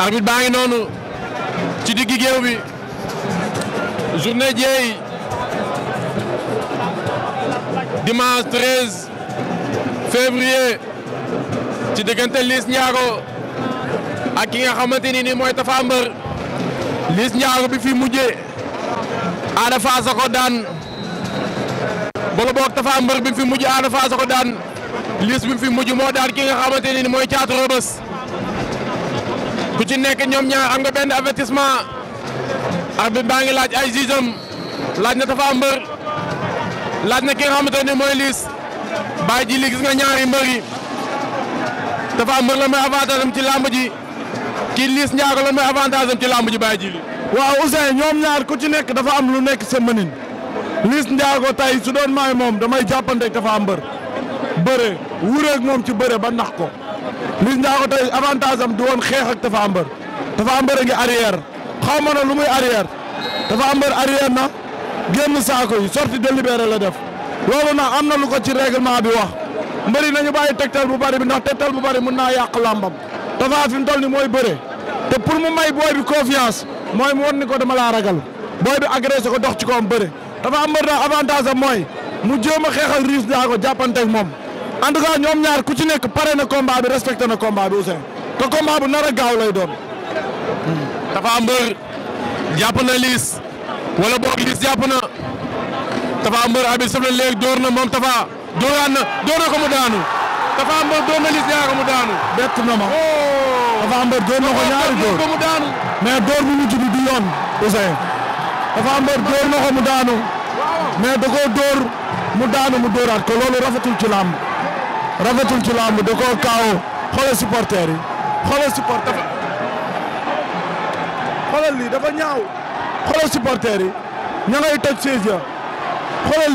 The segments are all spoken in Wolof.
arbitre baa noonu ci diggi géew bi journée Dieye dimanche 13 février ci diggante Liss Ndiago ak ki nga xamante ni nii mooy Tapha Mbeur Liss Ndiago bi fi mujjee Ada Fass a ko daan bolo boog bi fi mujj Ada Fass a ko daan Liss bi fi mujj moo daan ki nga xamante ni mooy Thiatou Rebeuss ku ci nekk ñoom ñaar am nga benn avertissement arbitre baa ngi laaj ay jugeem laaj na Tapha mbër laaj na ki nga xamante ne mooy Liss bàyyi ji li gis nga ñaari mbër yi Tapha Mbeur la mooy avantage am ci làmb ji kii liis Ndiago la mooy avantage am ci làmb ji bàyyi ji li waaw Ousseyn ñoom ñaar ku ci nekk dafa am lu nekk sa mënin Liss Ndiago tay su doon maay moom damay jàppanteeg Tapha Mbeur bëre wuureeg moom ci bëre ba nax ko Liss Ndiago tey avantage am du woon xeex ak Tapha dafa Tapha a ngi arrière xaw ma na lu muy arrière Tapha Mbeur arrière na génn saako yi sortie délibérée la def loolu nag am na lu ko ci règlement bi wax mbëri nañu bàyyi tegtal bu bari bi ndax tegtal bu bari mën naa yàq làmbam Tapha fi mu toll ni mooy bëre te pour mu may booy bi confiance mooy mu won ko dama laa ragal booy bi agressé ko dox ci ko am bëre Tapha Mbeur daa avantage am mooy mu jéem a xeexal Liss Ndiago jàppante ak moom en tout ñoom ñaar ku ci nekk pare na combat bi na combat bi Ousseyn te combat a gaaw lay doon. Tapha Mbeur na Liss wala boog Liss jàpp na Tapha Mbeur abi sëb la door na moom Tapha dooraan na door na ko mu daanu Tapha door na Liss ñaar ko mu daanu. bett na ma oh! Tapha door na ko ñaari door ko door bu mujj bi du yoon Ousseyn Tapha door na ko mu daanu mais da koo door mu daanu mu dooraat ko loolu rafetul ci làmb. rafetul ci làmb da koo kaaw xoolal supporter yi xoolal supporter dafa xoolal lii dafa ñaaw xoolal supporter yi ña ngay toj siège ya xoolal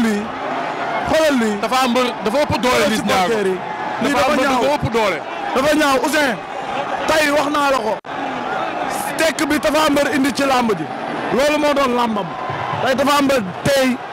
lii dafa am dafa ëpp doole lii supporter yi. lii dafa ñaaw dafa ëpp doole. dafa ñaaw Ousseyn tey wax naa la ko. tek bi dafa am indi ci làmb ji. loolu moo doon làmbam. dafa am tey.